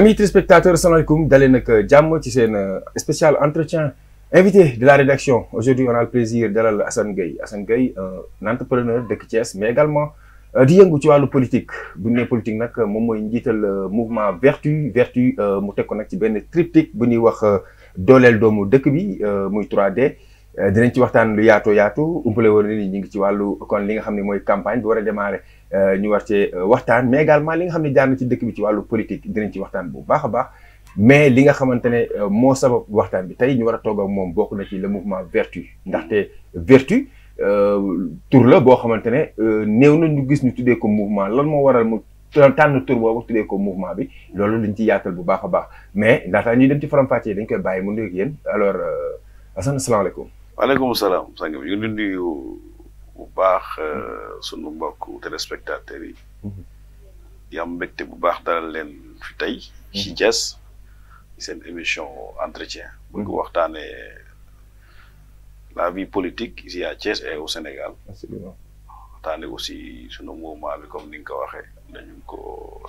amis téléspectateurs D'aller dalee nag jàmm ci un euh, spécial entretien invité de la rédaction aujourd'hui on a le plaisir d'aller Hassan Gueye Hassan Gueye un entrepreneur de Thiès mais également euh, di yëngu ci wàllu politique bu ñu politique nag euh, moom mooy mouvement vertu vertu mu teg ko nag ci benn triptyque bu ñuy wax dooleel doomu dëkk bi muy 3D dinañ ci waxtaan lu yaatoo yaatu umpale woon ni ñu ngi ci wàllu kon li nga xam ne mooy campagne bi war a démarrer Euh, ñu war cee euh, waxtaan mais également li nga xam ne jaar na ci dëkk bi ci wàllu politique dinañ ci waxtaan bu baax a baax mais li nga xamante ne euh, moo sabab waxtaan bi tey ñu war a toog ak moom bokk na ci le mouvement vertu ndaxte vertu tour la boo xamante ne néew na ñu gis ñu tuddee ko mouvement lan moo waral mu tànn tur boobu tuddee ko mouvement bi loolu lañ ci yaatal bu baax a baax mais laataa ñu dem ci faram-fàccee dañ koy bàyyi mu nuyoog yéen alors Assane asalaamaaleykum. waaleykum bu baax euh, sunu mbokku téléspectateurs yi. yam mhm. am bu baax dalal leen fi tey. ci mhm. seen émission entretien. Mhm. bëgg waxtaanee la vie politique ici a Thiès et au Sénégal. waxtaanee aussi sunu mouvement bi comme ni nga ko waxee dañu ko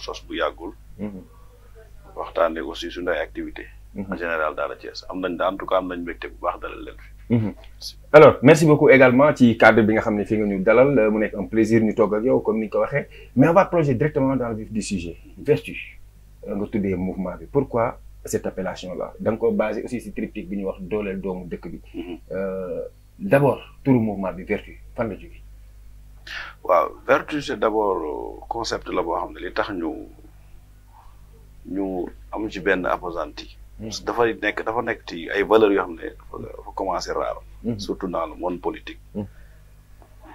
sos bu yàggul. waxtaanee aussi sunu ay activité en général daal à Thiès am nañ daal en tout cas am nañ mbégte bu baax dalal leen Mhm. alors merci beaucoup également ci cadre bi nga xamné fi nga ñu dalal euh, mu nekk un plaisir ñu togg ak yow comme ni ko waxé mais on va plonger directement dans le vif du sujet vertu euh, nga tuddee mouvement bi pourquoi cette appellation là da ko basé aussi si triptyque bi ñu wax dooleel doomu dëkk bi mhm. euh, D'abord, tout le mouvement bi vertu fan la jógee. waaw vertu c'est d'abord concept la boo xam ne li tax ñu ñu am ci benn dafa nekk dafa nekk ci ay valeurs yoo xam ne dafa commencé rare mhm. surtout dans le monde politique mhm.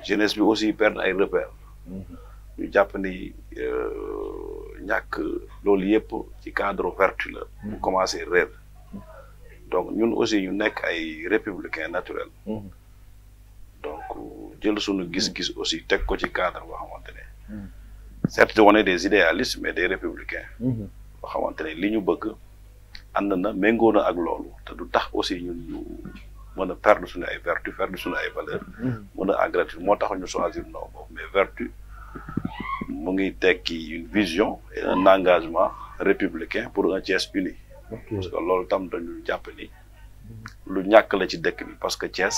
jeunesse bi aussi perdre ay repères mhm. ñu jàpp ni euh, ñàkk loolu yëpp ci cadre vertu la bu commencé réer donc ñun aussi ñu nekk ay républicain naturel donc jël suñu gis-gis aussi teg ko ci cadre boo xamante ne certes on est des idéalistes mais des républicains boo ne li ñu bëgg andana na na ak lolu te du tax aussi ñun ñu mëna perdre suñu ay vertu perdre suñu ay valeur mm-hmm. mëna agrat mo tax ñu choisir no bok mais vertu mo ngi tekki une vision et un engagement républicain pour un Thiès uni parce que lolu tam dañu japp ni lu ñak la ci dëkk bi parce que Thiès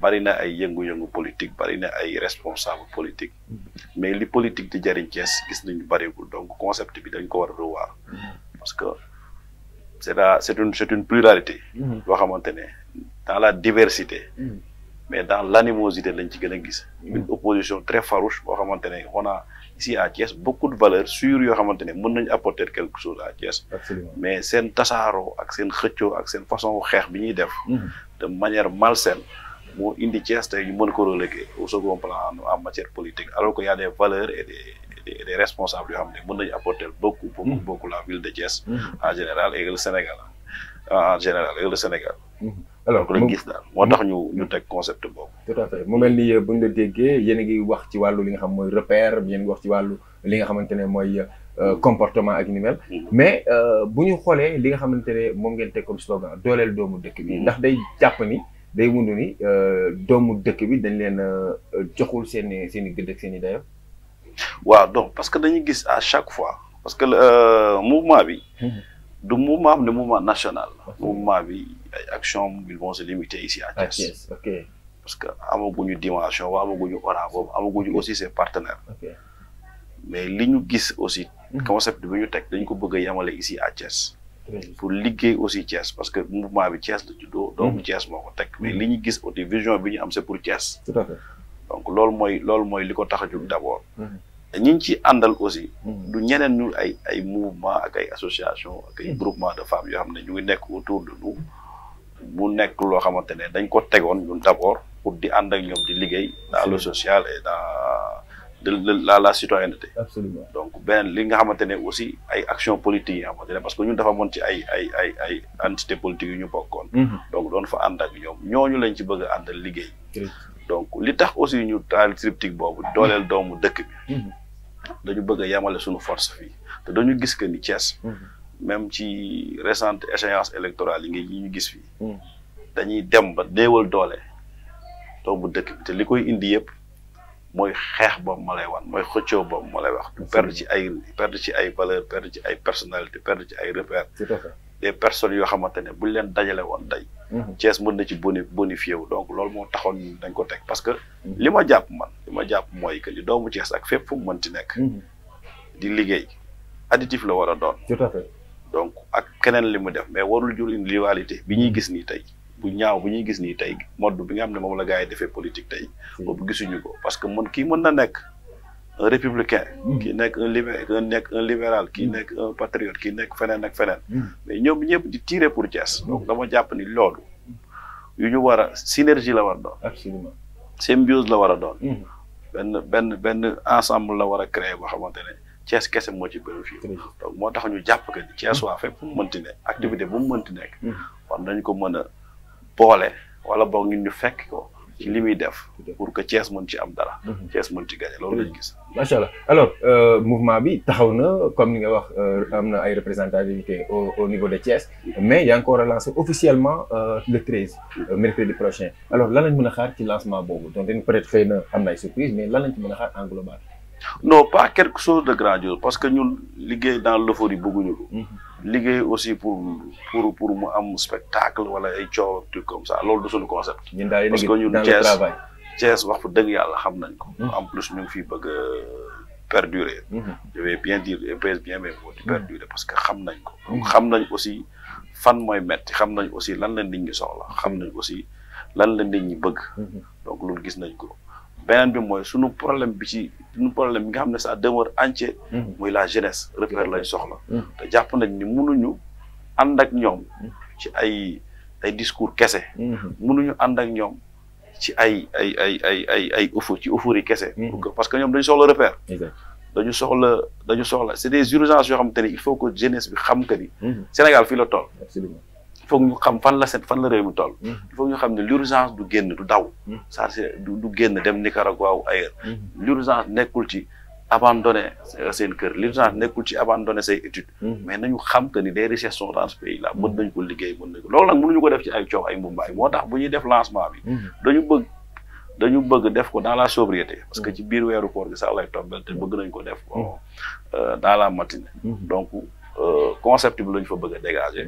bari na ay yëngu-yëngu politique bari na ay responsable politique mm-hmm. mais li politique di jariñ Thiès gis nañu bariwul donc concept bi dañ ko war revoir mm-hmm. parce que c'est une une pluralité. Mhm. dans la diversité. Mhm. mais dans l'animosité lañ ci mhm. une opposition très farouche on a ici à Thiès beaucoup de valeurs sur yoo on a apporté apporter quelque chose à Thiès. mais c'est un ak un xëccoo ak façon de faire de manière malsaine. mon indi Thiès tey ñu monde au second plan en matière politique alors qu'il y a des valeurs et des. des des responsables yoo xam ne mën nañu apporter beaucoup beaucoup mm. la ville de Thiès. Mm. en général et le Sénégal en général et le Sénégal. Mm. alors moom gis daal moo tax ñu ñu teg concept boobu. tout à fait mu mel ni euh, bu ñu la déggee yéen ngi wax ci wàllu li nga xam mooy repère yéen a ngi wax ci wàllu li nga xamante ne mooy euh, comportement ak ni mel. mais euh, bu ñu xoolee li nga xamante ne moom ngeen teg comme slogan dooleel doomu dëkk bi. ndax day jàpp ni day wund ni doomu dëkk bi dañ leen joxul seen i seen dayo waaw donc parce que dañuy gis à chaque fois parce que euh, mouvement bi. Hmm. du mouvement mouvement national. mouvement bi ils vont se limiter ici à ah, Thiès. parce que dimension waa amaguñu ora boobu amaguñu aussi ses partenaires. mais aussi. Hmm. concept bi ñu dañ ko bëgg ici à Thiès. pour aussi Thiès parce que mouvement Thiès Thiès mais pour Thiès. tout à fait. donc loolu mooy loolu mooy li ko tax a jug d' abord. Mhm. ñi ñu ci àndal aussi. Mhm. du ñeneen ñu ay ay mouvement ak ay association ak mhm. groupement de femmes yoo xam ne ñu ngi nekk autour de nous. mu nekk loo xamante ne dañ ko tegoon ñu d' abord pour di ànd ak ñoom di liggéey. dans le social et dans de la la citoyenneté. donc beneen li nga xamante ne aussi ay action politique yi nga xamante que ñun dafa amoon ci ay ay ay ay entité politique yu ñu bokkoon. donc doon fa ànd ak ñoom ñooñu lañ ci bëgg a liggéey. donc li tax aussi ñu taal triptyque boobu dooleel doomu dëkk bi mhm. dañu bëgg a yemale suñu force fii te dañu gis que ni Thiès mhm. même ci récente échéance électorale yi ngi ñu gis fii mhm. dañuy dem ba néewal doole doomu dëkk bi te li koy indi yëpp mooy xeex boobu ma lay wan mooy xëccoo boobu ma lay wax perdre ci ay perdre ci ay valeur perdre ci ay personnalité perdre ci ay repère des personnes yoo xamante ne buñ leen dajale woon day Mhm. Thiès mën na ci boni bonifié wu donc loolu moo taxoon dañ ko teg parce que mhm. li ma jàpp man li ma jàpp mooy que li doomu Thiès ak fépp fu mu mënti nekk mhm. di liggéey additif la war a doon tout donc ak keneen li mu def mais warul jur une rivalité bi ñuy gis ni tey bu ñaaw bu ñuy gis nii tey mode bi nga xam ne moom la gaa yi defee politique tey boobu gisuñu ko parce que mën kii mën na nekk Mm. un républicain. kii nekk un nekk un libéral kii mm. nekk un patriote kii nekk feneen ak feneen. Mm. mais ñoom ñëpp di tirer pour Thiès. donc dama jàpp ni loolu. yu ñu war a synergie la war a doon. absolument la war a doon. benn benn benn ensemble la war a créer boo xamante ne kese moo ci bénéfice. donc moo tax ñu jàpp que Thiès waa fépp mu mënti ne activité bu mu mënti nekk. war nañ ko mën a boole wala boog ñun ñu fekk ko. li muy def pour que Thiès mën ci am dara. Mhm. Thiès mën ci gagné loolu lañ gis. Mhm. macha allah alors euh, mouvement bi taxaw na comme ni nga wax euh, am na ay représentativité au au niveau de Thiès mais yaa ngi ko relancé officiellement euh, le treize mercredi prochain alors lan lañ mën a xaar ci lancement boobu donc dañ peut être xëy am na ay surprise mais lan mën a xaar en global. non pas quelque chose de grandiose parce que ñu liggéey dans l'euphorie bëgguñu ko. Mhm. liggéey aussi pour pour pour mu am spectacle wala ay coow truc comme ça loolu du suñu concept. ñun daal yéen parce que ñun Thiès Thiès wax fa dëgg yàlla xam nañ ko. Hmm. en plus ñu ngi fi bëgg perdurer. Hmm. je vais bien dire et bien même di hmm. perdurer parce que xam nañ ko. xam nañ aussi fan mooy metti xam nañ aussi lan la nit ñi soxla xam nañ aussi lan la nit ñi bëgg. donc loolu gis nañ ko. beneen bi mooy suñu problème bi ci suñu problème bi nga xam ne ça demeure entier mhm. muy la jeunesse repère lañ soxla mhm. te jàpp nañ ni mënuñu ànd ak ñoom mhm. ci ay ay discours kese mënuñu ànd ak ñoom ci ay ay ay ay ay ay ufu ci ufur yi kese parce que ñoom dañu soxla repère dañu soxla dañu soxla c'est des urgences yoo xamante ni il faut que jeunesse bi xam que ni Sénégal fii la toll foog ñu xam fan la set fan la réew mi mm-hmm. il faut ñu xam ne l'urgence du génn du daw. Mm-hmm. ça c'est du génn dem Nicaragua ou ailleurs. Mm-hmm. l'urgence nekkul ci abandonner euh, seen kër l'urgence nekkul ci abandonner say études. mais nañu xam que ni des richesses sont dans ce pays là mën nañ ko liggéey mën nañ ko loolu ñu ko def ci ay coow ay mbumbaay moo tax bu ñuy def lancement bi. dañu bëgg dañu bëgg def ko dans la sobriété. parce que ci biir weeru koor gi sax lay tombel te bëgg nañ ko def. Euh, dans la matinée. Euh, concept bi la fa bëgg a dégager.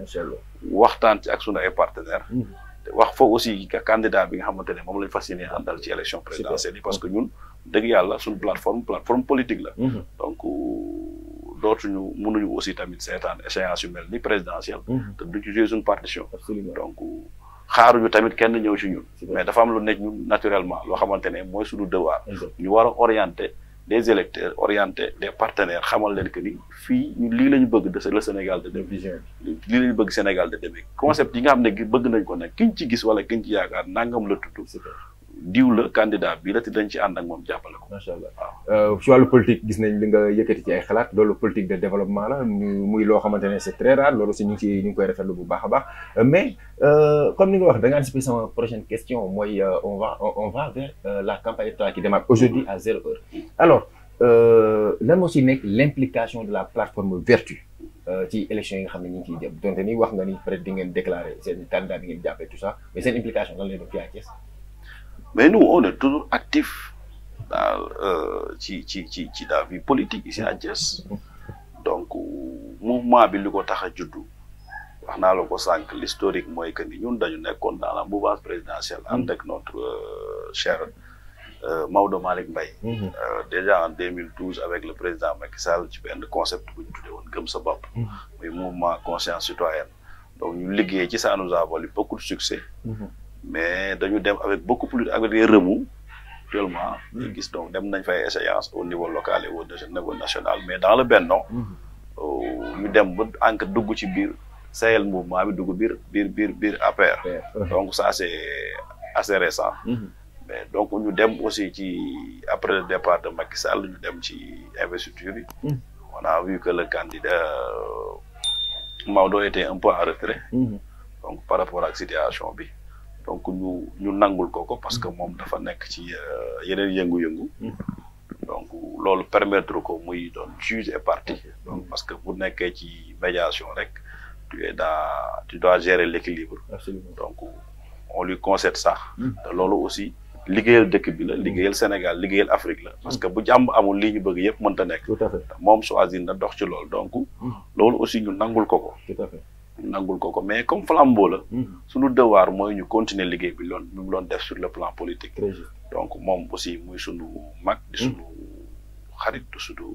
waxtaan ci ak sunu ay partenaires. Hmm. te wax foofu aussi candidat bi nga xamante ne moom la ñu fas yéene àndal ci élection présidentielle yi parce que ñun dëgg yàlla suñu plateforme plateforme politique la. Hmm. donc euh, dootuñu mënuñu aussi tamit seetaan échéance yu mel ni présidentielle. Hmm. du ci jouer partition. donc euh, xaaruñu tamit kenn ñëw ci ñun. mais dafa am lu nekk ñun naturellement loo xamante ne mooy suñu devoir. ñu war a orienter. des électeurs orienter des partenaires xamal leen que ni fii lii la ñu bëgg des le Sénégal de dem lii la bëgg Sénégal de demee concept yi nga xam ne bëgg nañ ko nag kiñ ci gis wala kiñ ci yaakaar nangam la tudd diw candidat bi la te dañ ci ànd ak mom jàppale ko. macha allah waaw euh, ci wàllu politique gis nañ li nga yëkëti ci ay xalaat lolu politique de développement la muy lo xamantene c'est très rare lolu ci ñu ngi ciy ñu ngi koy rafetlu bu baaxa baax euh, mais euh comme ni nga wax da nga anticiper sama prochaine question moy euh, on va on va vers la campagne électorale qui démarre aujourd'hui à zéro heure. alors lan moo ci nekk l'implication de la plateforme Vertu. ci élection yi nga xam ne ñu ngi ciy jëm donte ni wax nga ni peut-être di ngeen déclarer seen candidat bi ngeen jàppee tout ça mais seen implication lan lay doon fii à mais nous on est toujours actifs dans euh, ci ci ci ci dans vie politique yi à Thiès donc mouvement bi lu ko tax a juddu wax naa la ko sànq l'historique mooy que ni ñun dañu nekkoon dans la mouvance présidentielle ànd mm-hmm. ak notre euh, cher euh, Maodo Malick mbay mm-hmm. déjà en 2012 avec le président Macky Sall ci benn concept bu ñu tuddee woon gëm sa bopp mm-hmm. muy mouvement conscience citoyenne donc ñu liggéey ci ça nous a valu beaucoup de succès mais dañu dem avec beaucoup plus avec des remous actuellement gis donc dem nañ fay échéance au niveau local et au niveau national mais dans le no euh, ñu dem ba encre dugg ci biir Sahel mouvement bi dugg biir biir biir biir APR donc ça c'est assez récent mm-hmm. mais donc ñu dem aussi ci après le départ de Macky ñu dem ci investiture yi mm-hmm. on a vu que le candidat euh, Maodo était un peu en retrait mm-hmm. donc par rapport ak situation bi donc ñu ñu nangul ko ko parce que mm-hmm. moom dafa nekk ci euh, yeneen yëngu-yëngu. Mm-hmm. donc loolu permettre ko muy doon juge et partie. Mm-hmm. parce que bu nekkee ci médiation rek tu es dans tu dois gérer l'équilibre. Absolument. donc on lui concède ça. Mm. te loolu aussi liggéeyal dëkk bi la liggéeyal Sénégal liggéeyal Afrique la. parce que mm. bu jàmm amul li ñu bëgg yëpp mënta nekk. tout moom choisir na dox ci loolu donc. Mm. loolu aussi ñu nangul ko ko. nangul ko ko mais comme flambeau la. Hmm. suñu devoir mooy ñu continuer liggéey bi loon bi mu doon def sur le plan politique. donc moom aussi muy sunu mag. di hmm. sunu xarit di sunu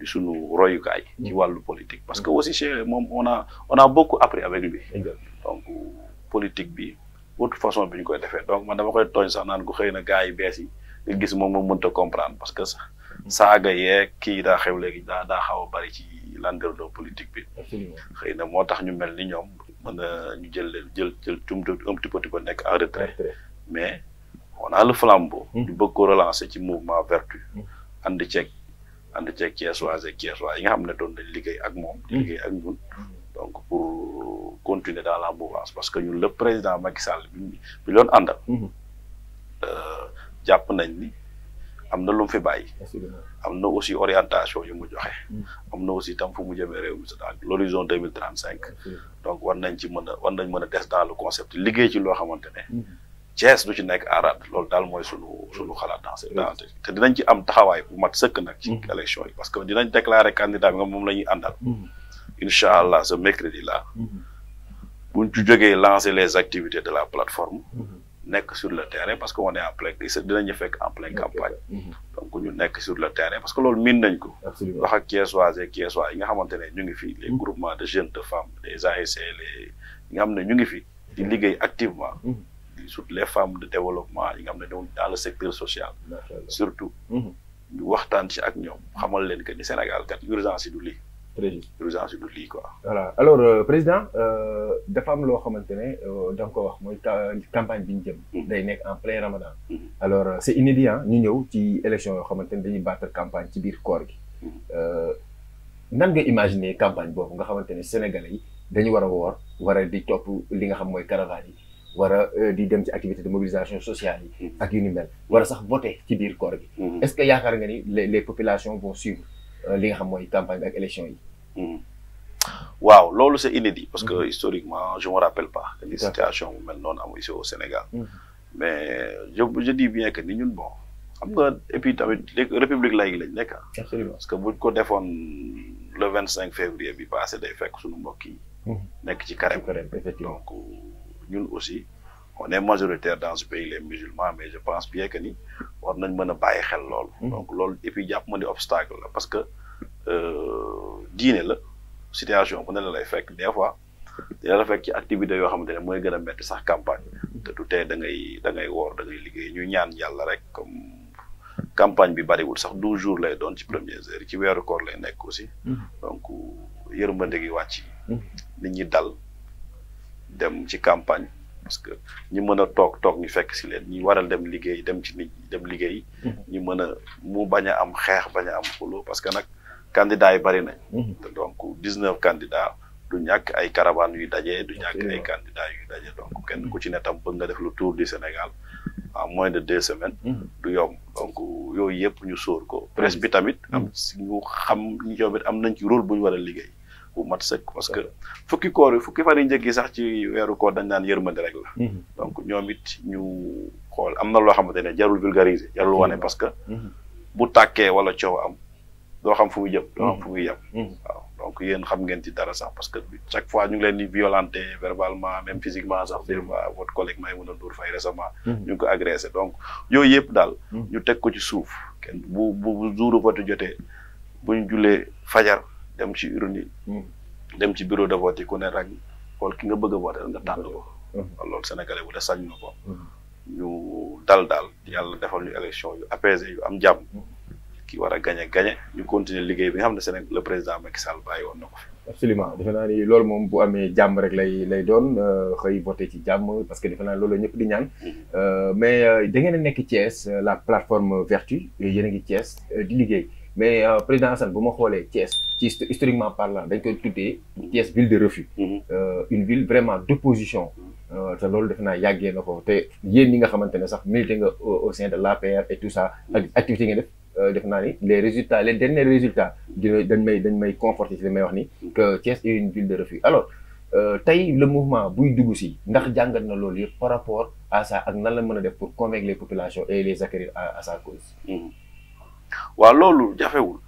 di sunu royukaay. Hmm. ci wàllu politique parce que aussi chez moom on a a beaucoup après avec lui. donc politique bi autre façon bi ñu koy defee donc man dama koy tooñ sax naan ko xëy na gars yi bees yi nga gis moom moom mënut a comprendre parce que saaga yeeg kii daa xew léegi daa daa xaw a bari ci. ci landerneau bi. xëy na moo tax ñu mel ni ñoom mën ñu jël jël jël tuuti un petit peu di ko nekk en retrait. mais on a le flambeau. ñu bëgg ko relancer ci mouvement vertu. ànd ceeg ànd ceeg Thiessois et Thiessois yi nga xam ne doon nañ liggéey ak moom. di liggéey ak ñun. donc pour continuer dans la mouvance parce que ñun le président Macky Sall bi bi doon euh, jàpp nañ ni. am na lu mu fi bàyyi. am na aussi orientation yu mu joxe. Mm. am na aussi tam fu mu jëmee réew mi c'est à l'horizon deux mille trente cinq. donc war nañ ci mën a war nañ mën a des dans le concept liggéey ci loo xamante ne. Mm-hmm. Thiès du ci nekk aaraat loolu daal mooy sunu sunu xalaat dans ce te dinañ ci am taxawaay bu mat sëkk nag. ci mm-hmm. élection yi parce que dinañ déclarer candidat bi nga moom la ñuy àndal. Mm-hmm. incha allah ce mercredi là. buñ ci jógee lancer les activités de la plateforme. nekk sur le terrain parce que on en plein dinañu fekk en pleine campagne. Mhm. ñu nekk sur le terrain parce que loolu miin nañ ko. wax ak Thiessoises et Thiessois yi nga xamante ne ñu ngi fi. les mhm. groupements de jeunes de femmes les ASC les yi nga xam ne ñu ngi fi. di liggéey activement. Mhm. surtout les femmes de développement yi nga xam ne ñoom dans le secteur social. surtout. ñu waxtaan si ak ñoom xamal leen que ni Sénégal kat urgence yi du lii. urgence du lii quoi. voilà alors euh, président euh, dafa am loo xamante ne euh, da nga wax mooy campagne bi ñu mm-hmm. day nekk en plein ramadan. Mm-hmm. alors euh, c'est est inédit hein, ñu ñëw ci élection yoo xamante dañuy battre campagne ci biir koor gi. Mm-hmm. nan nga imaginer campagne boobu nga xamante ne sénégalais yi dañu war a woor war a di topp li nga xam mooy caravane yi. war a di dem ci activité de mobilisation sociale yi. ak yu ni mel war a sax voté ci biir koor gi. est ce que yaakaar nga ni les les populations vont suivre. Euh, li nga xam mooy campagne ak élection yi. Hmm. waaw loolu c'est inédit parce que hmm. historiquement je me rappelle pas que les situation bu mel noonu am ici au Sénégal. Hmm. mais je je dis bien que ni ñun bon xam nga et puis tamit république laïque lañ nekk ah. absolument parce que buñ ko defoon le 25 février bi passé day fekk suñu mbokk yi. nekk ci carême donc euh, ñun aussi. on est majoritaire dans ce pays les musulmans mais je pense bien que ni war nañ mën a bàyyi xel lool hmm. donc loolu et jàpp ma ni obstacle la parce que euh, diine la situation bu ne la lay fekk des fois dina la fekk ci activité yoo xamante ne mooy gën a métti sax campagne te du tee da ngay da ngay woor da liggéey ñu ñaan yàlla rek comme campagne bi bariwul sax dou jours lay doon ci premières heures ci weeru koor lay nekk aussi. Hmm. donc yërmande gi wàcc. Hmm. nit ñi dal dem ci campagne. parce que ñi mën a toog toog ñu fekk si leen ñi waral dem liggéey dem ci nit dem liggéey. ñi mhm. mën a mu bañ a am xeex bañ am xuloo parce que nag candidats yi bari nañ. Mhm. donc dix-neuf candidats du ñàkk ay caravane yuy dajee du ñàkk ay candidats yuy daje donc kenn ku ci ne tam bëgg nga def lu tour du Sénégal en moins de deux semaines. Mhm. du yomb donc yooyu yëpp ñu sóor ko. presse bi tamit. am si ñu xam ñoom it am nañ ci rôle bu ñu war a liggéey. bu mat sëkk parce que fukki koor yi fukki fan yi njëkk yi sax ci weeru koor dañ naan yërmande rek la mhm. donc ñoom it ñu xool am na loo xamante ne jarul vulgariser jarul mhm. wane parce que mhm. bu tàkkee wala coow am doo xam fu muy jëm doo donc yéen xam ngeen ci dara sax parce que chaque fois ñu leen di verbalement même physiquement sax des fois votre collègue may mën a dóor fay ñu ko agressé donc yooyu yëpp daal ñu teg ko ci suuf kenn bu bu jouru vote jotee buñ julee fajar dem ci urne yi hmm. dem ci bureau de vote yi ku ne rek xool ki nga bëgg a voté nga tànn ko hmm. Hmm. loolu sénégalais bu de ko ñu dal daal yàlla defal ñu élection yu apaisé yu am jàmm ki war a gañe gañe ñu continuer liggéey bi nga xam ne Sénégal le président Macky Sall bàyyi woon na ko fi absolument defe ni loolu moom bu amee jàmm rek lay lay doon euh, xëy voté ci jàmm parce que defe naa loolu ñëpp di ñaan euh, mais euh, da ngeen a nekk Thiès la plateforme Vertu yéen a ngi Thiès di liggéey mais euh, président Assane bu ma xoolee Thiès ci historiquement parlant dañ ko est Thiès ville de refus. Mhm. Euh, une ville vraiment d'opposition. Euh, te loolu defe naa yàggee na ko te yéen ñi nga xamante ne sax milité nga au sein de l'APR et tout ça ak activité nga def. def naa ni les résultats les derniers résultats dina dañ may dañ may conforté ci may wax ni que Thiès est une ville de refus alors tey le mouvement buy dugg si ndax jàngat na loolu yëpp par rapport à ça ak nan la mën a def pour convaincre les populations et les acquérir à à sa cause. Mhm. waa loolu jafewul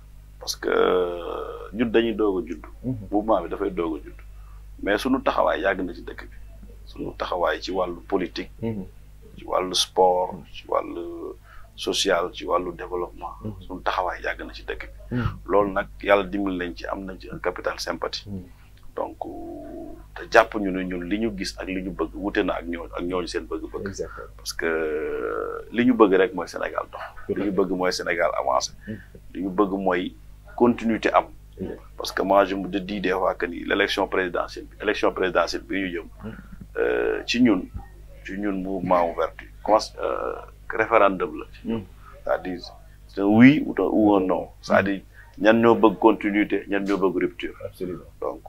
parce que euh, ñun dañuy doog a judd. Mhm. mouvement bi dafay doog a judd mais suñu taxawaay yàgg na ci dëkk bi suñu taxawaay ci wàllu politique. Mhm. ci wàllu sport ci wàllu social ci wàllu développement. Mhm. suñu taxawaay yàgg na ci dëkk bi. loolu nag yàlla dimbali lañ ci am nañ capital sympathie. donc te jàpp ñu ne ñun li ñu gis ak li ñu bëgg wute na ak ñooñu ak ñooñu seen bëgg-bëgg. parce que li ñu bëgg rek mooy Sénégal dox. li ñu bëgg mooy Sénégal avancé. Mm-hmm. li ñu bëgg mooy continuité am. parce que moi je de dis des fois que ni l' élection présidentielle bi présidentielle bi ñu jëm. Mm-hmm. Euh, ci ñun ci ñun mouvement wu vertu commence euh, référendum la. Mm-hmm. c'est-à-dire c'est un oui ou un non cest à ñan ñoo bëgg continuité ñan ñoo bëgg rupture. absolument donc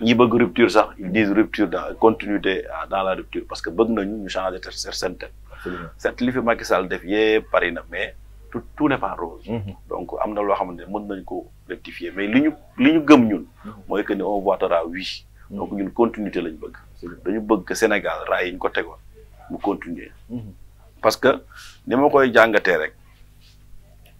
ñi bëgg rupture sax ils disent rupture dans continuité dans la rupture parce que bëgg nañu ñu changer certaines thèmes. absolument cette li fi Macky Sall def yëpp pari na mais tout tout n'est pas rose. Mm-hmm. donc am na loo xamante ne mën nañ ko rectifier mais li ñu li ñu gëm ñun. Mm-hmm. mooy que ni on votera oui. Mm-hmm. donc ñun continuité lañ bëgg. dañu bëgg que Sénégal raay yi ñu ko tegoon mu continuer. parce que ni ma koy jàngatee rek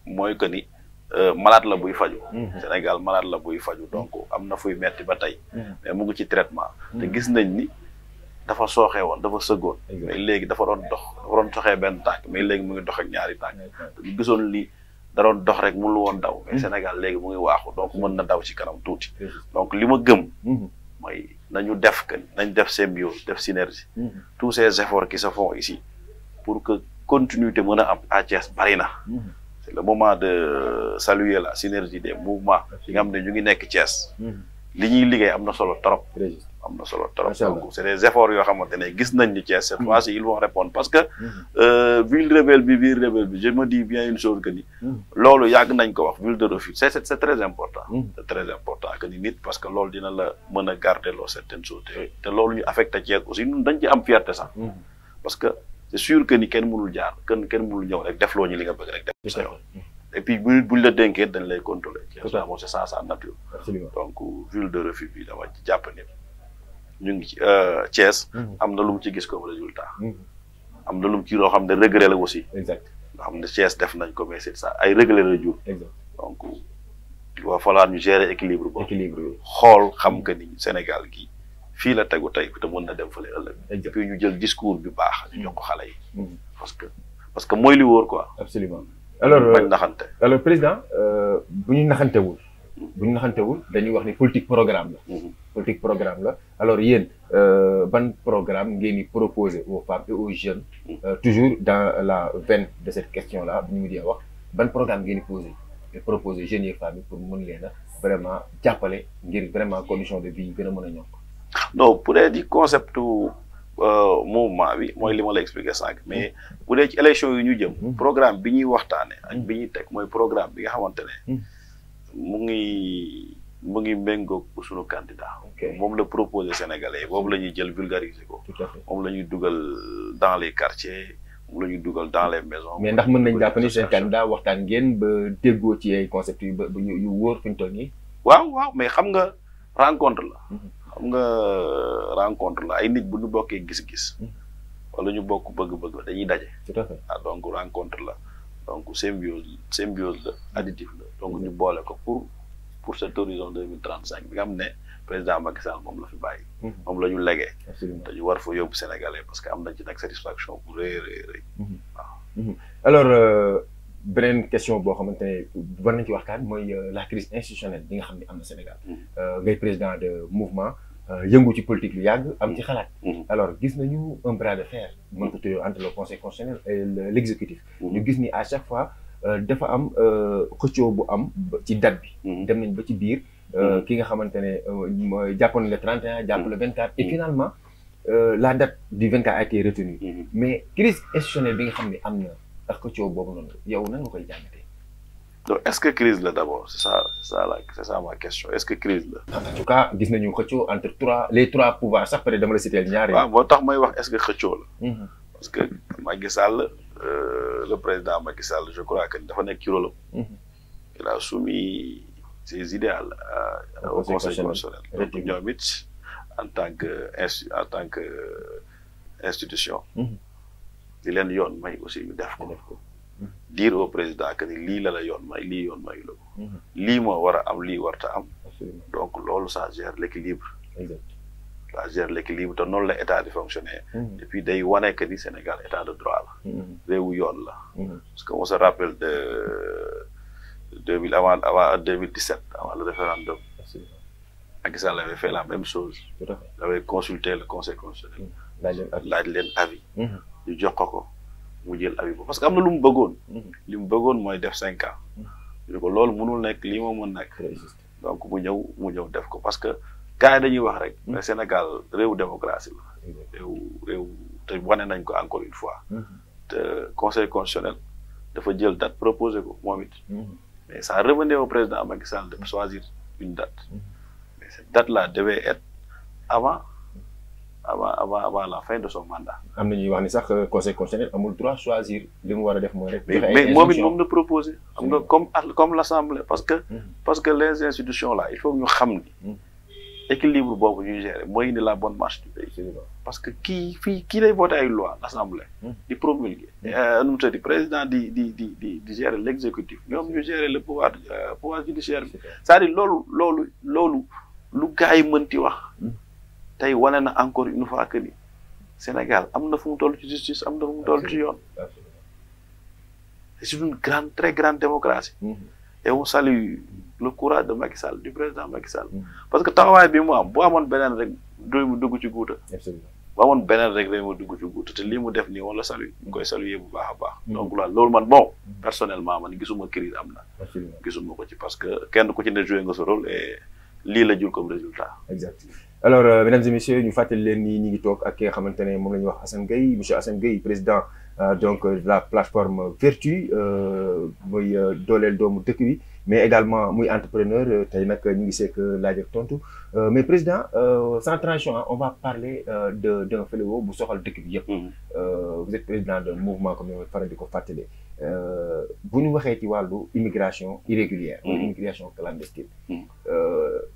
mooy que ni. Euh, malade la buy faju mhm. Sénégal malade la buy faju donc am na fuy metti ba tey mhm. mais mu ngi ci traitement te mhm. gis nañ ni dafa sooxee woon dafa sëggoon mais léegi dafa doon dox dafa doon soxee benn tànk mais léegi mu ngi dox ak ñaari tànk ñu gisoon li da dox rek mënul woon daw mais Sénégal léegi mu ngi waaxu donc mën na daw ci kanam tuuti donc li ma gëm mooy nañu def que nañ def symbiose def synergie tous ces efforts qui sa font ici pour que continuité mën a am à Thiès bari na c'est le moment de saluer la synergie des mouvements nga xam ne ñu ngi nekk Thiès. Mhm. li ñuy liggéey am na solo trop. am na solo trop donc c'est des efforts yoo xamante ne gis nañ ni Thiès cette mhm. fois parce que. Mhm. Euh, ville rebelle bi ville rebelle bi je me dis bien une chose loolu yàgg nañ ko wax ville de refuge c'est c'est très important. c'est très important que nit parce que loolu dina la mën a garder loo certaines te loolu ñu affecté Thiès aussi ñun dañ ci am fierté sax. parce que c'est sûr que ni kenn mënul jaar kenn kenn mënul ñëw rek loo ñu li nga bëgg rek def sa yoon et puis bu buñ la dénkee dañ lay contrôler bon c'est ça sa nature donc ville de refuge bi dama ci jàpp ni ñu ngi ci euh, Thiès mhm. am na lu ci gis comme résultat mhm. am na lu ci loo xam ne regret la aussi exact xam ne Thiès def nañ ko mais c'est ça ay regret la jur donc il va falloir ñu gérer équilibre boobu xool xam que ni Sénégal gii fii la tegu tey te mën na dem fële ëllëg. et puis ñu jël discours bi baax. ñu jox ko xale yi. Mm. Mm. parce que parce que mooy li wóor quoi. absolument alors bañ euh, naxante. alors président euh, bu ñu naxantewul. bu ñu naxantewul dañuy wax ni politique programme la. Mm-hmm. politique programme la alors yéen euh, ban programme ngeen di proposer aux femmes et aux jeunes. Mm. toujours dans la veine de cette question là bu ñu mu di wax ban programme ngeen di poser et proposer jeunes et femmes pour mën leen a vraiment jàppale ngir vraiment condition de vie yi gën a mën a ñoŋ. donc bu dee di concept euh, mouvement bi mooy li ma la expliqué sànq mais bu dee ci élection yi ñu jëm. Hmm. programme bi ñuy waxtaanee ak hmm. bi ñuy teg mooy programme bi nga xamante ne. Hmm. mu ngi mu ngi méngóog suñu candidat. moom la proposé Sénégalais yi boobu lañuy ñuy jël vulgariser ko. moom la ñuy dugal dans le quartiers. moom la ñuy dugal dans les maisons. mais ndax mën nañ jàpp ni seen candidat waxtaan ngeen ba déggoo ci ay concept yu ba yu wóor fi ñu toll nii. waaw waaw mais xam nga rencontre la. xam nga rencontre la ay nit bu ñu bokkee gis-gis. Hmm. wala ñu bokk bëgg-bëgg dañuy daje. tout à fait ah donc rencontre la donc symbiose symbiose la additif la donc ñu hmm. boole ko pour pour cet horizon deux mille trente cinq bi nga xam ne président Macky Sall moom la fi bàyyi. Hmm. moom la ñu legee. dañu war fa yóbbu sénégalais parce que am nañ ci nag satisfaction bu rëy rëy rëy. waaw alors euh, beneen question boo xamante ne war nañ ci waxtaan mooy euh, la crise institutionnelle bi nga xam ne am na Sénégal. Euh, ngay président de mouvement. Euh, yëngu ci politique lu yàgg am ci mm. xalaat mm. Mm. alors gis nañu un bras de fer entre le conseil constitutionnel et l'exécutif ñu gis ni à chaque fois euh, dafa am euh, xëccoo bu am ci date bi dem nañ ba ci biir ki nga xamante ne jàppoon le 31 jàpp le 24 et finalement la date du 24 a été retenue mais crise institutionnelle bi nga xam ne am na ndax xëccoo boobu noonu yow nan koy jàngatee donc est-ce que crise là d'abord c'est ça c'est ça la c'est ça ma question est-ce que crise là en tout cas gis nañu xëccoo entre trois les trois pouvoirs ça peut être dama la cité ñaar waaw moo tax may wax est-ce que xëccoo là mhm. parce que Macky Sall euh, le président Macky Sall je crois que dafa un kirolo. Mhm. il a soumis ses idéaux au conseil constitutionnel. donc en tant que insti en tant que euh, institution. Mhm. di leen yoon may aussi ñu def ko. dire au président que ni lii la la yoon may lii yoon mayu la mhm. moo war a am lii warta am donc loolu ça gère l'équilibre ça gère l'équilibre te noonu la état di fonctionner mhm. et puis day wane que Sénégal état de droit la mhm. réewu yoon la parce que on se rappelle de deux mille avant deux mille dix-sept avant le référendum Macky Sall avait fait la même chose il avait consulté le conseil constitutionnel laaj leen avis ñu jox mu jël Abiba parce que am na lu mu bëggoon. Mhm. li mu bëggoon mooy def cinq ans. ñu mhm. ko loolu mënul nekk lii moo mën nekk. donc mu ñëw mu ñëw def ko parce que gars dañuy wax rek. Mhm. mais Sénégal réew démocratie la. réew réew te wane nañ ko encore une fois. te conseil constitutionnel dafa jël date proposé ko moom it. mais ça revenait au président Macky Sall de choisir une date. mais cette date là avant. avant avant la fin de son mandat. am ñuy wax ni sax euh, conseil constitutionnel amul droit choisir li mu war def moy rek. mais mais moom ne proposer nga comme comme l'assemblée parce que. Mm-hmm. parce que les institutions là il faut ñu xam ni. Mm-hmm. équilibre bobu ñu gérer moy ni la bonne marche du pays. parce que qui qui les lay voté ay loi l'assemblée. Mm-hmm. di promulguer. Euh, nu mu di président di di di di di gérer l'exécutif ñoom ñu gérer le pouvoir euh, pouvoir judiciaire c'est-à-dire lolu lolu lolu lu gars yi mënti wax. tey wane na encore une fois ak ni Sénégal am na fu mu toll ci justice am na fu mu toll ci yoon c'est une grande très grande démocratie mm-hmm. et on salue le courage de Macky Sall du président Macky sal mm-hmm. parce que taxawaay bi mu am boo amoon beneen rek réew mu dugg ci guuta bu amoon beneen rek réew dugg ci guuta te lii mu def nii wala salu ñu koy saluer bu baax a baax mm-hmm. donc loolu man bon personnellement man gisuma crise am na gisuma ko ci parce que kenn ko ci ne joué nga sa rôle et lii la jur comme résultat exactement alors euh, mesdames et messieurs ñu fàttali leen ni ñu ngi toog ak ki nga xamante ne moom la ñuy wax Assane Gueye monsieur Assane Gueye président euh, donc euh, de la plateforme Vertu muy dooleel doomu dëkk bi mais également muy entrepreneur tey nag ñu ngi seek laaj ak tontu mais président sans transition hein, on va parler de d'un fléau bu soxal dëkk bi yëpp. Mm-hmm. vous êtes président d'un mouvement comme ni ma faral di ko fàttali bu ñu waxee ci wàllu immigration irrégulière. ou mm-hmm. immigration clandestine. Mm-hmm.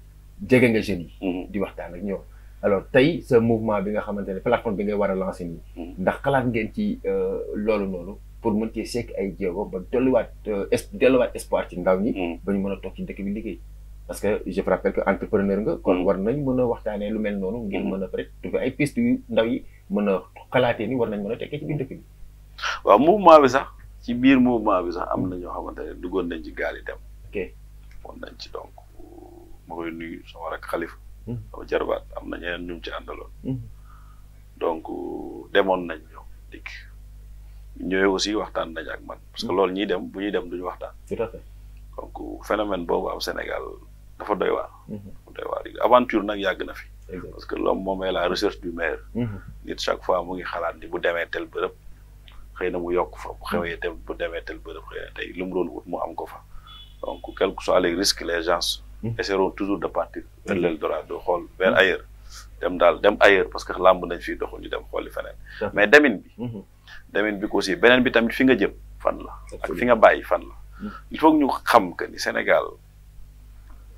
jege nga jeunes yi. di waxtaan ak ñoo alors tay ce mouvement bi nga xamante plateforme bi ngay wara lancer ni ndax xalaat ngeen ci euh, loolu noonu pour mën cee sekk ay jéego ba dolliwaat es delluwaat espoir ci ndaw ñi. ba ñu mën a toog ci dëkk bi liggéey. parce que je rappelle que entrepreneur nga. kon mhm. war nañ mën a waxtaanee lu mel noonu. ngir mën a peut être ay piste yu ndaw yi mën a xalaatee ni war nañ mën a tekkee ci biir dëkk bi. waaw mouvement bi sax ci biir mouvement bi sax am na ñoo xamante ne duggoon nañ ci gaal yi dem. ok kon nañ ci donc. ma koy nuyu sama xalifa hmm. sama jarbaat am na ñeneen ñu ci àndaloon hmm. donc demoon nañ ñoom dikk aussi waxtaan nañ ak man parce que hmm. loolu ñuy dem bu ñuy dem duñu waxtaan tout à donc phénomène boobu am Sénégal dafa doy waar dafa doy waar aventure nag yàgg na fi parce que l'homme moom la recherche du meilleur nit chaque fois mu ngi xalaat ni bu demee tel bërëb xëy na mu yokk fa bu xewee te bu demee tel bërëb xëy na tey lu mu doon wut mu am ko fa donc quel que soit les risques les gens essayeront toujours de partir vers l'Eldorado xool vers ailleurs dem dal dem ailleurs parce que làmb nañ fi doxul ñu dem xooli fenen mais demine bi demine bi ko aussi benen bi tamit fi nga jëm fan la ak fi nga bàyyi fan la il faut ñu xam que ni Sénégal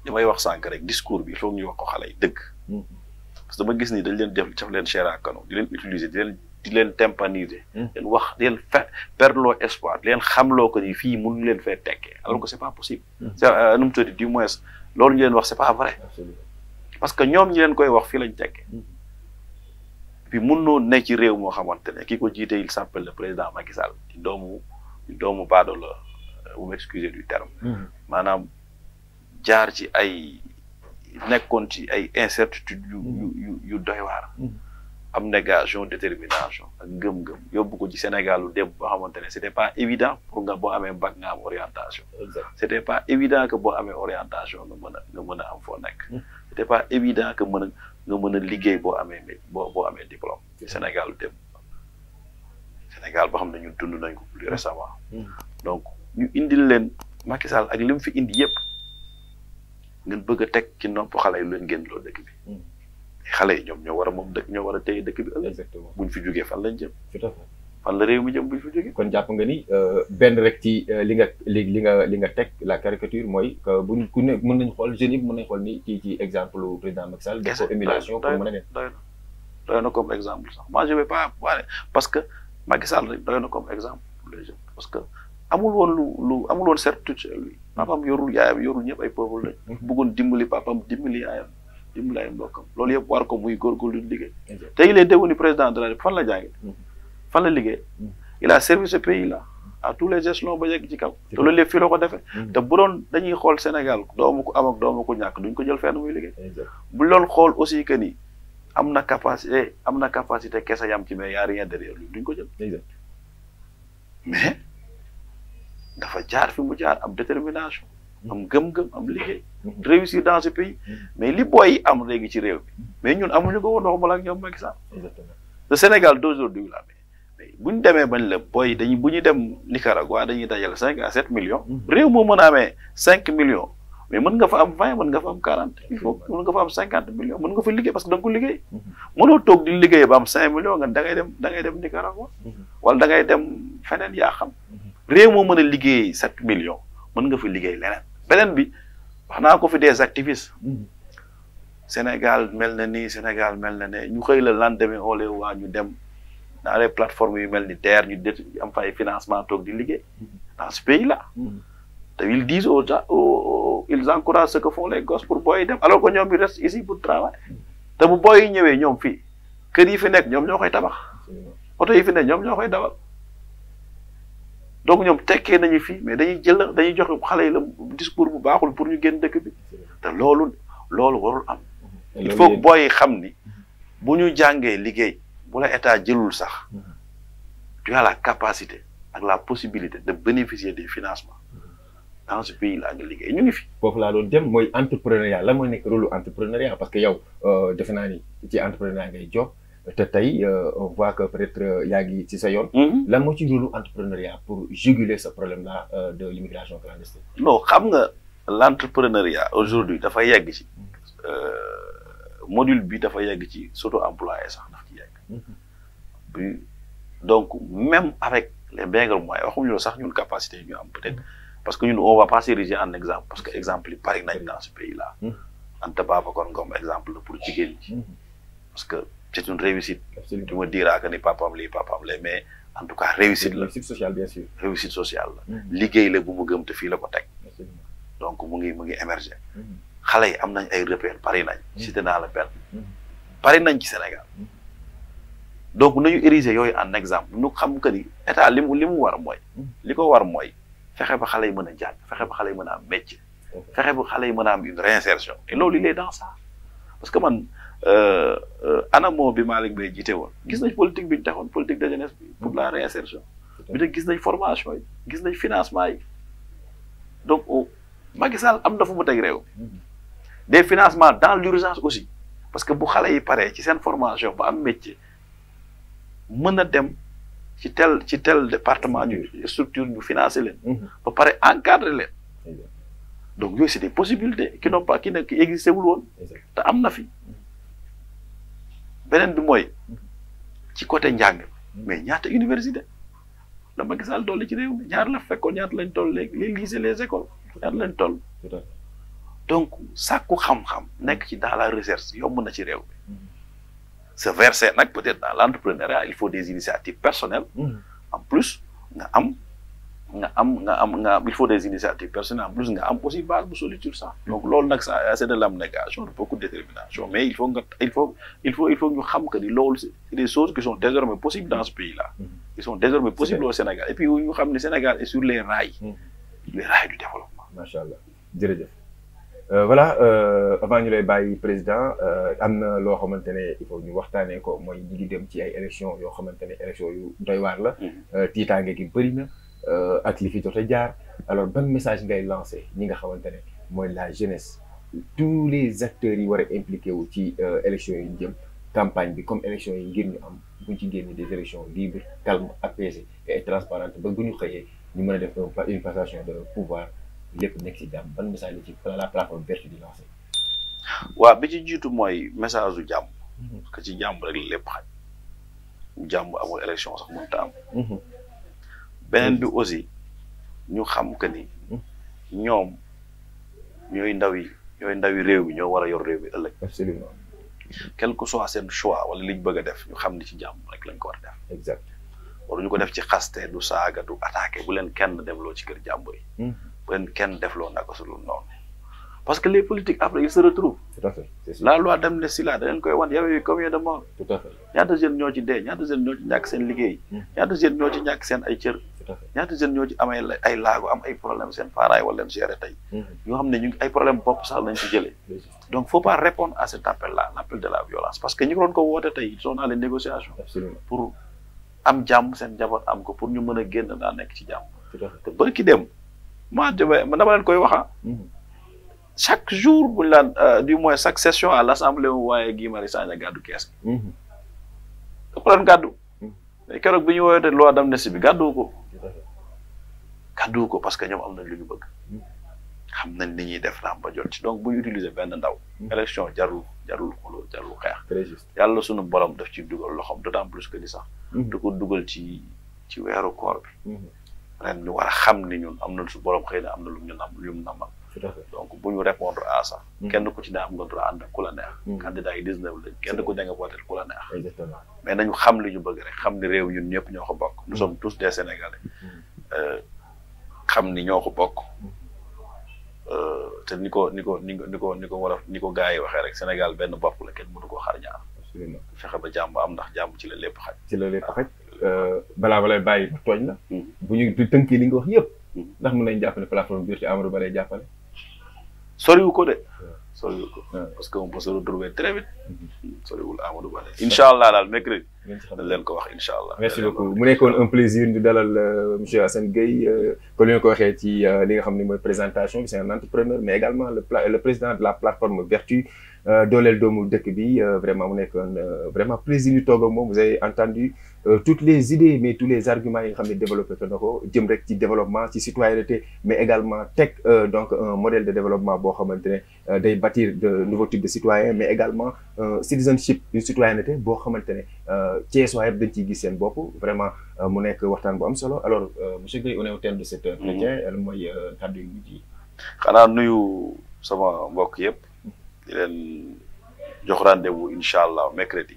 li wax sank rek discours bi il faut ñu wax ko xale deug parce que dama gis ni dañ leen def def leen chera kanu di leen utiliser di leen di leen tempaniser leen wax di leen fe perdloo espoir di leen xamloo ko ni fii mënu leen fee tekke alors que c'est pas possible c'est un homme tuddati du moins loolu ñu leen wax c'est pas vrai parce que ñoom ñi leen koy wax fii lañ tekkee mm-hmm. puis mënoo ne ci réew moo xamante ne ki ko jiite il s'appelle le président Macky Sall doomu di doomu baado la euh, vous m'excusez du terme mm-hmm. maanaam jaar ci ay nekkoon ci ay incertitude mm-hmm. yu yu yu doy waar am abnégation détermination ak gëm-gëm yóbbu ko ci Sénégal lu dem boo xamante ne c' était pas évident pour nga boo amee bac nga am orientation. c' était pas évident que boo amee orientation nga mën a nga mën a am foo nekk. Hmm. c' était pas évident que mën a nga mën a liggéey boo amee boo boo amee diplôme. Hmm. Sénégal lu dem Sénégal boo xam ne ñun dund nañ ko plus hmm. récemment. donc ñu indil leen Macky Sall ak li fi indi yëpp ngeen bëgg a teg ci nopp xale yi leen génn loo bi. xale yi ñoom ñoo war a moom dëkk ñoo war a téye bi ëllëg. exactement buñ fi jógee fan lañ jëm. tout à fan la réew mi jëm buñ fi jógee. kon jàpp nga ni euh, benn rek ci euh, li nga li li nga li nga teg la caricature mooy que buñ ku ne mën nañ xool jeunes yi mën nañ xool ni ci ci exemple président Macky Sall. def na doy comme exemple sax moi je vais parce que Macky Sall rek doy na comme exemple pour parce que amul woon lu lu amul woon certitude chez lui. Hmm. papaam yorul yaayam yorul ñëpp ay pauvre lañ. Hmm. bëggoon dimbali papaam dimbali yaayam. dimbali ay mbokkam loolu yëpp war ko muy góorgóorlu di liggéey. te il est devenu président de fan la jàngee. Mm-hmm. fan la liggéey. Mm-hmm. il a servi ce pays là. à tous les gestions ba yegg ci kaw. te loolu yëpp fii la ko defee. Mm-hmm. te bu doon dañuy xool Sénégal doomu ko am doomu ko ñàkk duñ ko jël fenn muy liggéey. bu loolu xool aussi que ni am na capacité am na capacité kese yam ci mais y a rien derrière lui duñ ko jël. mais dafa jaar fi mu jaar am détermination. am gëm-gëm am liggéey. Mm-hmm. réussir dans ce pays. Mm-hmm. mais li booy am léegi ci réew mm-hmm. mais ñun amuñu ko woon waxumala ak ñoom Macky Sall. exactement le Sénégal d'aujourd'hui la mais bu ñu demee bañ la booy dañu bu ñu dem Nicaragua dañuy dajale cinq à sept millions. réew moo mën a amee cinq million mais mën nga fa am vingt mën nga fa am quarante il faut mën nga fa am cinquante millions mën nga fa liggéey parce que da nga liggéey mënoo toog di liggéey ba am cinq millions nga da ngay dem da ngay dem Nicaragua wala da ngay dem feneen yaa xam réew moo mën a liggéey sept millions mën nga fa liggéey leneen beneen bi wax naa ko fi des activistes. Hmm. Sénégal mel na nii Sénégal mel na ne ñu xëy la lendemain xoolee waa ñu dem dans les plateformes yu mel ni DER ñu def am fay financement toog di liggéey. Hmm. dans ce pays là. Hmm. te ils disent aux gens ils encouragent ce que font les pour booy dem alors que ñoom ñu reste pour travail. te bu booy yi ñëwee ñoom fii kër yi fi nekk ñoom ñoo koy tabax. oto yi fi nekk ñoom ñoo koy dawal. donc ñoom tekkee nañu fii mais dañuy jël dañuy joxe xale yi la discours bu baaxul pour ñu génn dëkk bi te loolu loolu warul am. il faut booy xam ni bu ñuy jàngee liggéey bu la état jëlul sax tu as capacité ak la possibilité de bénéficier des financement dans ce pays là nga liggéey ñu ngi fi. foofu laa doon dem mooy entrepreneuriat la mooy nekk rôle entrepreneuriat parce que yow euh, def naa ni ci entrepreneuriat ngay jox. Euh, on voit que peut-être euh, yagi Tissayon, ci sa yoon. Mhm. lan ci entrepreneuriat pour juguler ce problème là euh, de l'immigration clandestine. non xam nga l'entrepreneuriat aujourd'hui y yegg ci mhm. module bi fa yegg ci surtout employer sax da fa mhm. donc même avec les bengal moyens waxuñu loolu sax ñun capacité ñu am peut-être parce que ñun on va pas s'ériger en exemple parce que exemple yi bari nañ dans ce pays là. Anta Babacar Ngom exemple pour jigéen parce que c'est une réussite. Absolument. Tu me diras que ni papaam lii papaam la mais en tout cas réussite la. réussite sociale bien sûr. réussite sociale mm-hmm. liguer les la bu mu gëm te fii la ko donc mu ngi mu ngi émerger. Mm-hmm. xale yi ay repères bari nañ. Mm-hmm. cité naa la perte. bari nañ ci Sénégal. donc nañu ériger yoy en exemple nous xam que ni état limu limu war moy. Liko war moy fexe ba xalé mëna mën a jàng fexe ba xalé mëna am métier. fexe ba xalé mëna am une réinsertion et loolu il est dans ça parce que man. Euh, euh, anamoo bi Malick Mbaye jiite woon gis nañ politique bi ñu taxoon politique de jeunesse bi pour la réinsertion bi nag gis nañ formation yi gis nañ financement yi donc oh, Macky Sall am na fu mu teg réew des financements dans l'urgence aussi parce que bu xale yi paree ci seen formation ba am métier mën na dem ci tel ci tel département ñu structure ñu financer leen mm-hmm. ba pare encadrer leen donc yooyu c'est des possibilité ki n'ont pas qui ne qui existé wul woon te am na fi mm-hmm. beneen bi mooy ci côté njàng mais ñaata université la Macky Sall toll ci réew ñaar la fekkoon ñaata lañ tool léegi les lycées les écoles ñaata lañ toll donc sàkku xam-xam nekk ci dans la recherche yomb na ci réew mi mm-hmm. se verser nag peut-être dans l'entrepreneuriat il faut des initiatives personnelles mm-hmm. en plus nga am nga am nga am nga il faut des initiatives personnelles en plus nga am aussi base bu solide ça donc lool nak ça c'est de l'abnégation de beaucoup de détermination mais il faut nga il faut il faut il faut ñu xam que ni c'est des choses qui sont désormais possibles dans ce pays là mm-hmm. ils sont désormais possibles au Sénégal et puis ñu xam le Sénégal est sur les rails mm-hmm. les rails du développement machallah allah Euh, voilà euh, avant ñu lay le président euh, am lo xamantene il faut ñu waxtaanee ko moy ñu dem ci ay élections yo xamantene élection élections yu doy war la. Mm-hmm. Euh, titangé gi bari na. Euh, ak li fi jaar alors ban message ngay lancé ñi nga xamante ne mooy la jeunesse tous les acteurs yi war a impliqué wu ci euh, élection yi jëm campagne bi comme élection yi ngir ñu am buñ ci génne des élections libres calme apaisé et transparente. ba bu ñu xëyee ñu mën a def une passation de pouvoir lépp nekk si jàmm ban message la ci la plateforme verte di lancé. waaw bi ci jiitu mooy message du jàmm. Mhm. parce que ci jàmm rek lépp xaj. jàmm amul élection sax mënut am. Mhm. beneen mm. bi aussi ñu xam que ni mm. ñoom ñooy ndaw yi ñooy ndaw yi réew mi ñoo war a yor réew mi ëllëg. absolument quel que soit seen choix wala liñ bëgg a def ñu xam ni ci jàmm rek lañ ko a def. exact waruñu ko def ci xaste du saaga du attaqué bu leen kenn demloo ci kër jàmbur yi. Mm. bu leen kenn defloo naka su dul noonu. parce que les politiques après ils se retrouvent. tout à fait la loi d'amnistie la da leen koy wan yow yi combien de morts. tout ñoo ci dee ñaata jeunes ñoo ci ñàkk seen liggéey. ñaata jeunes ñoo ñàkk seen ay cër. ñaata jeunes ñoo ci am ay ay laago am ay problème seen faaraay wala leen gérer tey mm-hmm. yoo xam ne ñu ay problème bopp sax lañ ci jëlee donc faut pas répondre à cet appel là appel de la violence parce que ñi ko doon ko woote tey sont dans les pour am jàmm seen njaboot am ko pour ñu mën a génn daa nekk ci jàmm te bari ki dem ma dama leen koy waxa ah. mm-hmm. chaque jour buñu laan euh, du mois chaque session à l' assemblée mu waaye Guy Marius Sagna gàddu kees gi mm-hmm. ëpp leen gàddu mais keroog bi ñu woowee loi d'amnistie bi gàddu ko kàddu ko parce que ñoom am na lu ñu bëgg xam nañ ni ñuy def na am ci donc bu ñu utiliser benn ndaw hmm. élection jarul jarul xuloo jarul xeex yàlla sunu borom def ci dugal loxoom d'autant plus que ni sax hmm. da ko dugal ci ci weeru koor bi hmm. ren ñu war a xam ni ñun am na su borom xëy na am na lu ñu nam lu mu namal donc bu ñu répondre à ça kenn ku ci ne am nga droit ànd ak ku la neex candidat yi kenn ku ne nga voter ku la neex mais nañu xam li ñu bëgg rek xam ni réew ñun ñëpp ñoo ko bokk nous sommes tous des Sénégalais euh, xam ni ñoo ko bokk euh, te ni ko ni ko ni ko ni ko ni ko war ni ko gars yi waxee rek Sénégal benn bopp la kenn mënu ko xar fexe ba jàmm am ndax jàmm ci la lépp xaj ci la lépp xaj euh, balaa balay bàyyi tooñ la hmm. bu ñu du tënk li nga wax yëpp hmm. ndax mën nañ jàppale plateforme bi ci am Ba lay jàppale ko de parce qu'on peut se retrouver très vite. Mhm. Inch'Allah, Amadou Ba incha allah daal ko wax merci beaucoup mu nekkoon un plaisir de dalal euh, monsieur Assane Gueye. ko pour nga ko waxee euh, li nga présentation c'est un entrepreneur mais également le président de la plateforme Vertu. Euh, dooleel doomu dëkk bi vraiment un nekkoon vraiment plaisir ñu toog ak vous avez entendu. Euh, toutes les idées mais tous les arguments yi nga xam ne développé ko na rek ci développement ci citoyenneté mais également tech euh, donc un modèle de développement bo xamantene euh, day bâtir de nouveaux types de citoyens mais également citizenship une citoyenneté bo xamantene ne Thiès waa dañ ci gis sen bop vraiment mu que waxtan bu am solo alors monsieur Guèye on est au terme de cette entretien Elle mhm. mooy kàddu yu mujj yi xanaa nuyu sama mbokk yëpp di jox rendez-vous inshallah, mercredi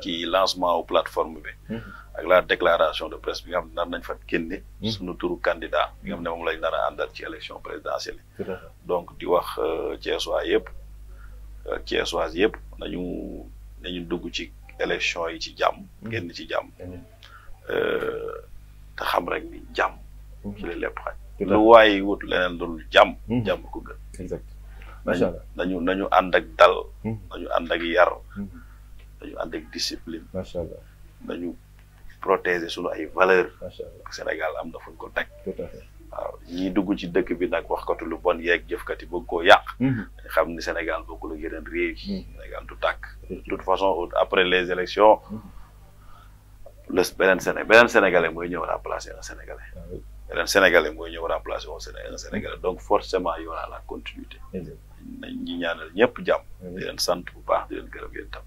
ci lancement plateforme bi. Mm-hmm. ak la déclaration de presse bi nga xam nañ fa génne. Mm-hmm. suñu turu candidat bi nga xam ne moom lañ nar a ci élection présidentielle donc di wax euh, Thiessois yëpp euh, Thiessois yëpp nañu dugg ci élection yi ci jàmm. Mm-hmm. génn ci jàmm. Euh, xam rek ni jàmm. ci la lépp xaj. lu waaye wut leneen loolu jàmm. jàmm ko gën. exact nañu nañu ànd dal. nañu ànd yar. dañu ànd ak discipline. macha allah dañu sunu ay valeur macha Sénégal am na fu ñu ko teg. tout à waaw ñiy dugg ci dëkk bi nag wax katu lu bon yeeg jëfkat yi bëgg koo yàq. Mhm. xam ni Sénégal bokkul ak yeneen réew yi. Mhm. Sénégal du tàkk. de toute façon après les élections. Mhm. le beneen Séné beneen sénégalais mooy ñëw remplacer un sénégalais. Ah beneen sénégalais mooy ñëw remplacer un sénégalais donc forcément y aura la continuité. nañ ñi ñaanal ñëpp jàmm. di leen sant bu baax di leen gërëm yéen tam.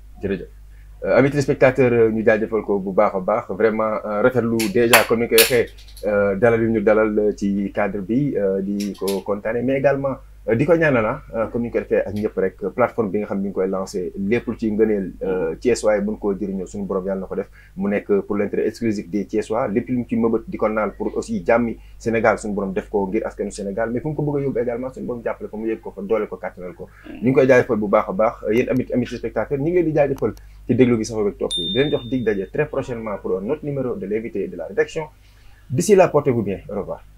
Euh, amis téléspectateurs euh, ñu jaajëfal ko bu baax a baax vraiment euh, rafetlu déjà comme ni koy waxee dalal yu ñu dalal ci cadre bi di ko kontaane mais également Euh, diko ko ñaanal ah euh, comme ni ko defee ak ñëpp rek plateforme bi nga xam ni ngi koy lancé lépp ci ngëneel euh, mm. Thiessois yi mën koo jëriñoo suñu borom yàlla na ko def mu nekk pour l'intérêt exclusif des Thiessois lépp lu mu ci mëbët di ko naal pour aussi jàmmi Sénégal suñu borom def ko ngir askanu Sénégal mais fu mu ko bëgg a yóbbu également suñu borom jàppale ko mu yëg ko fa doole ko kàttanal ko mm. ñu ngi koy jaajëfal bu baax a baax yéen amit amit spectateur ñi ngi leen di jaajëfal ci déglu gi safa beg topp di leen jox dig daje très prochainement pour un autre numéro de l'invité de la rédaction d'ici là portez-vous bien au revoir